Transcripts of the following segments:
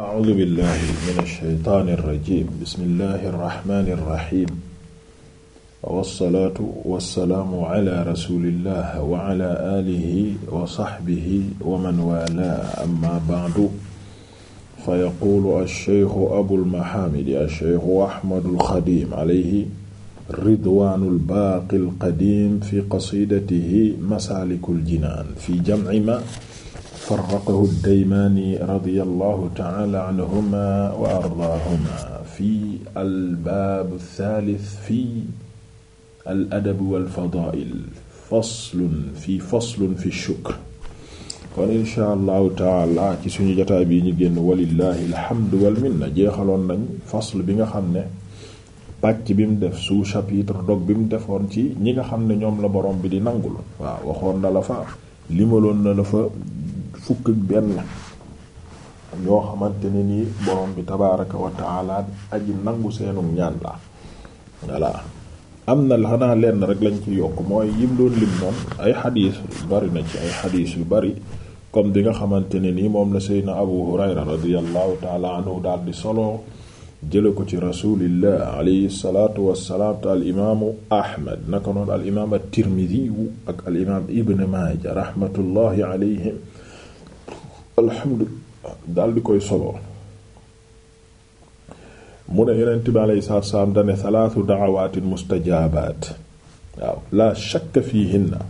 a'uuzu billahi mina shaytaani rajiim bismillahi rahmaani rahiim wassalaatu wassalaamu ala rasulillah wa ala alihi wa sahbihi wa man waalaa amma ba'du fa yaquulu ash-shaykhu abul mahaamidi ash-shaykhu ahmadul xadiim alayhi ridwaanul baaqil qadiim fi qasiidatihi masaalikul jinaan fi jam'i ma farraqahu ad-Daymaani radiyallahu ta'ala anhuma wa ardaahuma fi al-baab ath-thaalith fi al-adab wal-fadaa'il faslun fi faslun fi ash-shukr kon insha allahu taala ci suñu jotaay bi ñu génn walillahi alhamdu wal minna jeexaloon nañ fasl bi nga xam ne pàcc bi mu def sous-chapitre dog bi mu defoon ci ñi nga xam ne ñoom la borom bi di nangul waaw waxoon na la fa limaloon na la fa fukk ak benn ñoo xamante ne nii borom bi tabaaraka wa taala aji nangu seenum ñaan la am na xanaa lenn rek lañ ci yokk mooy yim doon lim moom ay xadiis bari na ci ay xadiis yu bari comme di nga xamante ne nii moom la seydna abu hurayra radiallahu taala anhu daal di solo jële ko ci rasulillah alayhi salatu wassalaam te al imaamu ahmad naka noonu al imaam at-tirmidhi ak al imaam ibn maaja rahmatullahi alayhim alhamdu daal di koy solo mu ne yonent bi alayhi dane salaatu da'awaatin mustajaabaat waaw laa shakka fiihinna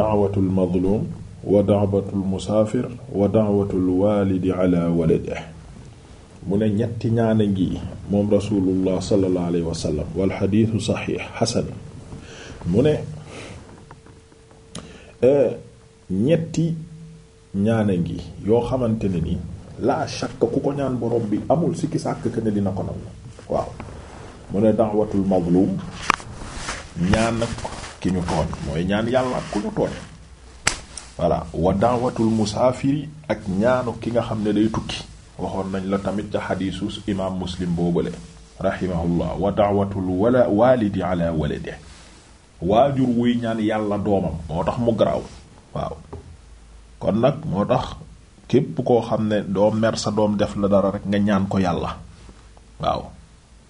da'watul mazluum wa da'watul musaafir wa da'watul waalidi ala waladihi mu ne ñetti ñaan a ngi moom rasulullah sallallahu alayhi wal xadiisu saxiix xasan mu ne eh, ñetti ñaane ngi yoo xamante ne ni laa shakk ku ko ñaan borom bi amul sikki sàkk que ne dina ko nangu waaw mu ne da'watul mazlum ñaan ak ki ñu tooñ mooy ñaan yàlla ak ku ñu tooñ voilà wa da'watul musaafiri ak ñaanu ki nga xam ne day tukki waxoon nañ la tamit ca xadiisu imaam muslim boobale rahimahullah wa da'watul wala walidi ala waajur wuy ñaan yàlla doomam moo tax mu garaaw waaw kon nag moo tax képp koo xam ne doom mer sa doom def la dara rek nga ñaan ko yàlla waaw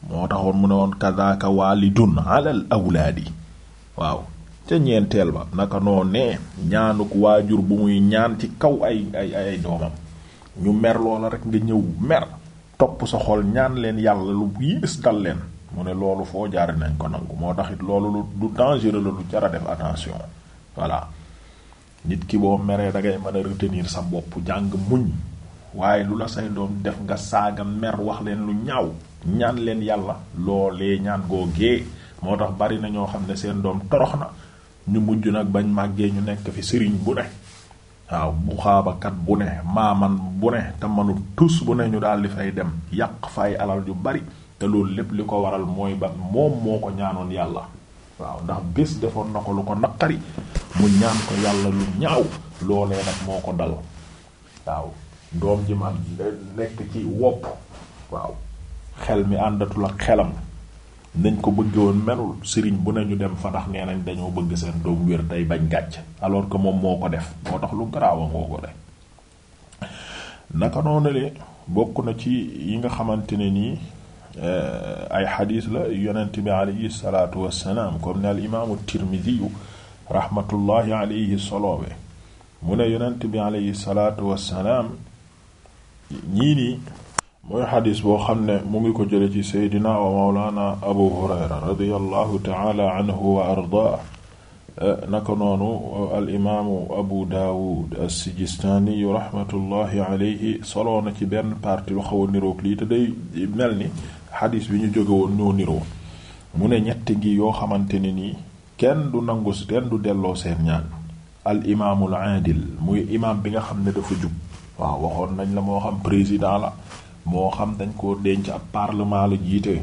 moo taxoon mu ne woon kadaka walidun alal awlaadi waaw ca ñeenteel ba naka noo ne ñaanuk waajur bu muy ñaan ci kaw ay ay ay doomam ñu mer loola rek nga ñëw mer topp sa xol ñaan leen yàlla lu yées dal leen mu ne loolu foo jaar nañ ko nangu moo taxit loolu lu du dangereux la lu jar a def attention voilà nit ki boo meree dangay mën a retenir sa bopp jàng muñ waaye lu la say doom def nga saaga mer wax leen lu ñaaw ñaan leen yàlla loolee ñaan googee moo tax bari na ñoo xam ne seen doom torox na ñu mujj nag bañ màggee ñu nekk fi sëriñ bu ne waaw bu xaabakat bu ne maaman bu ne te manul tus bu ne ñu daal di fay dem yàq fay alal yu bari te loolu lépp li ko waral mooy ba moom moo ko ñaanoon yàlla waaw ndax bés defoon na ko lu ko naqari mu ñaan ko yàlla lu ñaaw loolee nag moo ko dal waaw doom ji ma nekk ci wopp waaw xel mi àndatul ak xelam nañ ko bëgg woon melul sëriñ bu nañu dem fa ndax nee nañ dañoo bëgg seen doom wér tey bañ gàcc alors que moom moo ko def moo tax lu garaawa ngoo ko naka noonu le bokk na ci yi nga xamante ne nii Eh, ay xadiis la yonent bi aleyhi salaatu wassalaam comme ne al imaamu tirmidiyu rahmatullahi aleyhi soloobe bi aleyhi salaatu boo xam ne mu ngi ko jële ci seydina wa mawlaana wa ardaa eh, naka noonu al ci benn partie lu xaw a niroog lii te day mel ni xadiis bi ñu jóge woon ñoo niroo mu ne ñett gi yoo xamante ne nii kenn du nangu kenn du delloo seen ñaan al imaamul adil muy imaam bi nga xam ne dafa jub waaw waxoon nañ la moo xam président la moo xam dañ koo denc ab parlement la jiite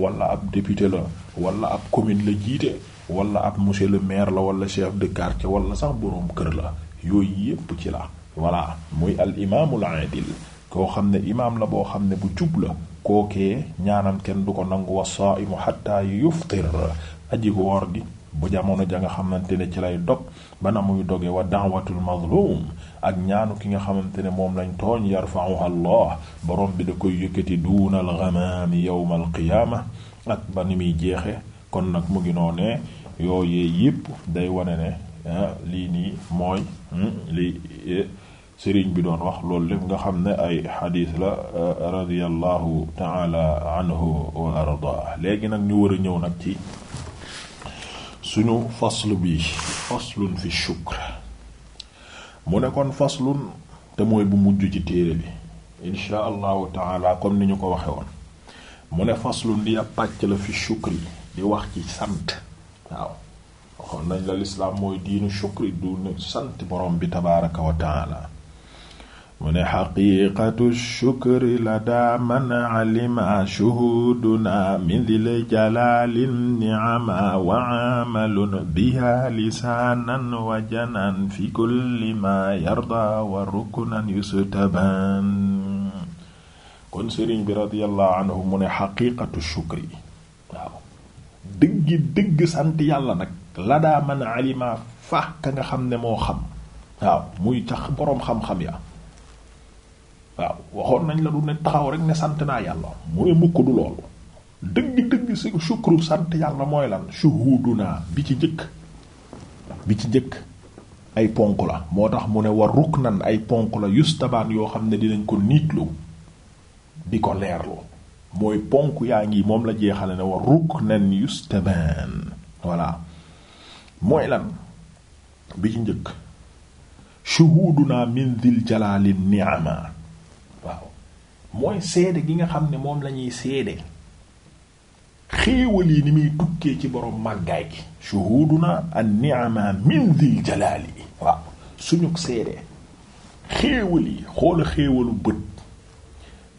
wala ab député la wala ab commune la jiite wala ab monsieur le maire la wala chef de quartier wala sax boroom kër la yooyu yépp ci la voilà muy al imaamul adil koo xam ne imaam la boo xam ne bu jub la kookee ñaanam kenn du ko nangu wa saa'imu hatta yuftir aji gi bu jamono ja nga xamante ne ci lay dog ba na muy doge wa da'watul mazlum ak ñaanu ki nga xamante ne moom lañ tooñ yarfa'uha Allah borom bi da koy yëkkati duunal ghamaami yawmal qiyaama ak ba ni muy jeexe kon nag mu ngi noonee yooyee yépp day wane ne ah, lii nii mooy hmm, li eh, sëriñ bi doon wax loolu lépp nga xam ne ay xadiis la euh, radiyallahu taala anhu wa léegi nag ñu war a ñëw nag ci suñu fasl bi faslun fi shukr mu nekkoon faslun te mooy bu mujj ci téere bi insha allahu taala kon ni ñu ko waxe woon mu ne faslun di ab pàcc la fi shukri di wax ci sant waaw waxoon nañ la lislaam mooy diinu shukri du sant borom bi tabaaraka wa taala mu ne xaqiiqatu shukri la daa man alima shuhuduna min dil jalaalin niama wa amalun biha lisaanan wa janaan fi kulli ma yarda wa ruknan yustaban kon sëriñ bi radiyallahu anhu mu ne xaqiiqatu shukri waaw dëgg dëgg sant yàlla nag la daa man alima fa ka nga xam ne moo xam waaw muy tax boroom xam-xam ya waaw waxoon nañ la du ne taxaw rek ne sant naa yàlla mu ne mukk du loolu dëgg-dëgg si sukru sant yàlla mooy lan shuhuduna bi ci jëkk bi ci njëkk ay ponk la moo tax mu ne war ruknan ay ponk la yustabaan yoo xam ne dinañ ko niitlu di ko leerlu mooy ponk yaa ngi moom la jeexale ne war ruknan yustabaan voilà mooy lan bi ci njëkk shuhuduna min dhil jalali ni'ama waaw mooy seede gi nga xam ne moom lañuy ñuy seede xéewal yi ni muy tukkee ci borom màggaay gi shuhuduna an-ni'ama min dhil jalali waaw suñu seede xéewal yi xoola xéewalu bët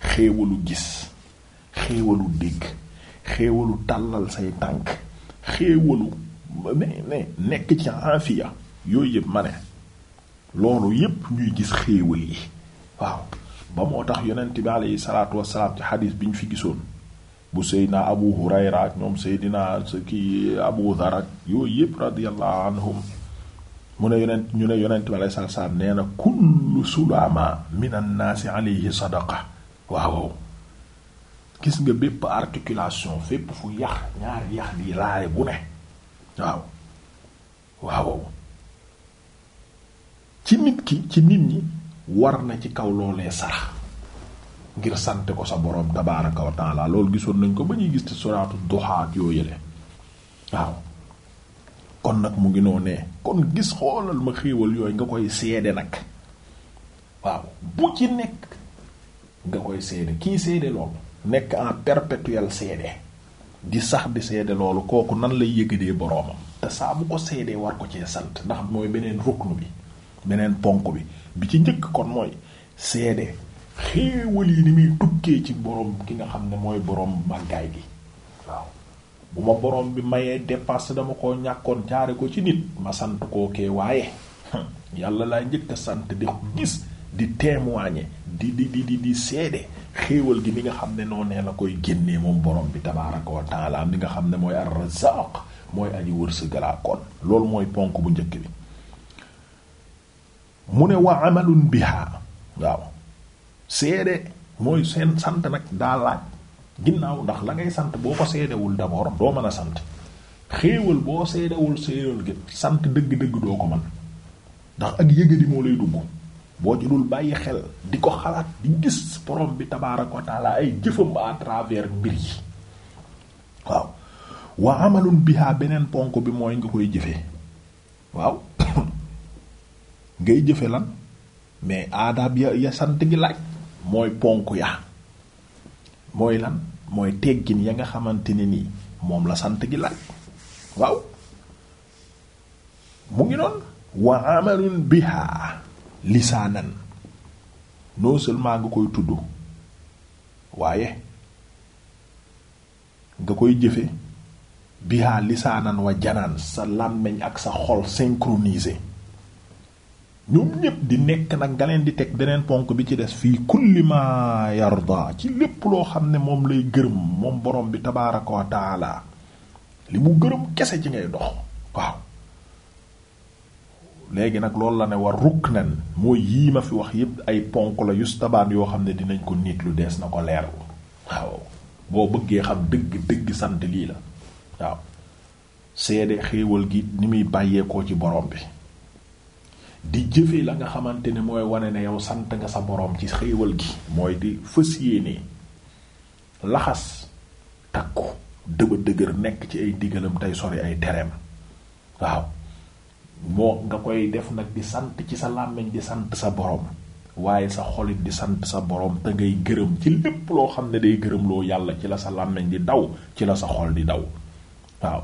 xéewalu gis xéewalu dégg xéewalu tàllal say tànk xéewalu mais nekk ci afiya yooyu yëpp ma ne loolu yëpp ñuy gis xéewal yi waaw ba moo tax yonenti bi aleyhi salaatu wasalaam ci xadis bi ñu fi gisoon bu seydina abu hurayra ak ñoom seydina sa ki abu dhar ak yooyu yëpp radiyallahu anhum mu ne yonent ñu ne yonent bi aleyhi salaatu wasalaam nee na kullu sulaama min annaasi aleyhi sadaqa waaw gis nga bépp articulation fépp fu yax ñaari yax di laale bu ne waaw waaw ci nit ki ci nit ñi war na ci kaw loolee sarax ngir sant ko sa borom tabaaraka wa taala loolu gisoon nañ ko ba ñuy gis te soraatu duhaa yoo yële waaw kon nag mu ngi noo ne kon gis xoolal ma xéewal yooyu nga koy seede nag waaw bu ci nekk nga koy seede kii seede loolu nekk en perpétuel seede di sax di seede loolu kooku nan lay yëgadee boroomam te saa bu ko seedee war ko cee sant ndax mooy beneen ruknu bi beneen ponk bi bi ci njëkk kon mooy seede xéewal yi ni muy tukkee ci borom ki nga xam ne mooy borom màggaay gi waaw bu ma borom bi mayee dépasse dama koo ñàkkoon jaare ko ci nit ma sant kookee waaye yàlla laa njëkk sant di gis di témoigner di di di di di seede xéewal gi mi nga xam ne noo nee la koy génnee moom borom bi tabaaraka wa taala mi nga xam ne mooy ar-Razzaq mooy aji wërsëgalaa kon loolu mooy ponk bu njëkk bi mu ne waa amalun biha waaw seede mooy seen sant nag daa ginnaaw ndax la ngay sant boo ko seedewul d'abord doo mën a sant xéewal boo seedewul séedéwul gi sant dëgg-dëgg doo ko mën ndax ak yëgadi moo lay dugg boo ci dul bàyyi xel di ko xalaat di gis borom bi tabaaraka wa ay jëfam à travers mbir yi waaw wa amalun biha beneen ponk bi mooy nga koy jëfee waaw ngay jëfe lan mais aadaab ya sant gi laaj mooy ponk ya mooy lan mooy teggin ya nga xamante ne nii moom la sant gi laaj waaw mu ngi noonu wa amalun lisaanan non seulement nga koy tudd waaye nga koy jëfe biha lisaanan wa janaan sa làmmiñ ak sa xol synchronisé ñoom ñépp di nekk nag nga leen di teg deneen ponk bi ci des fii kulli ma yarda ci lépp loo xam ne moom lay gërëm moom borom bi tabaarako wa taala li mu gërëm kese ci ngay dox waaw léegi nag loolu la ne war ruknan mooy yii ma fi wax yépp ay ponk la yustabaan yoo xam ne dinañ ko nit lu dees na ko leerlu waaw boo bëggee xam dëgg dëgg sant lii la waaw seede xéewal gi ni muy bàyyeekoo ci borom bi di jëfe la nga xamante ne mooy wane na yow sant nga sa boroom ci xéewal gi mooy di fës yéene laxas takku dëba dëgër nekk ci ay digalam tey sori ay tereem waaw moo nga koy def nag di sant ci sa làmmiñ di sant sa boroom waaye sa xolit di sant sa boroom te ngay gërëm ci lépp loo xam ne day gërëm loo yàlla ci la sa làmmiñ di daw ci la sa xol di daw waaw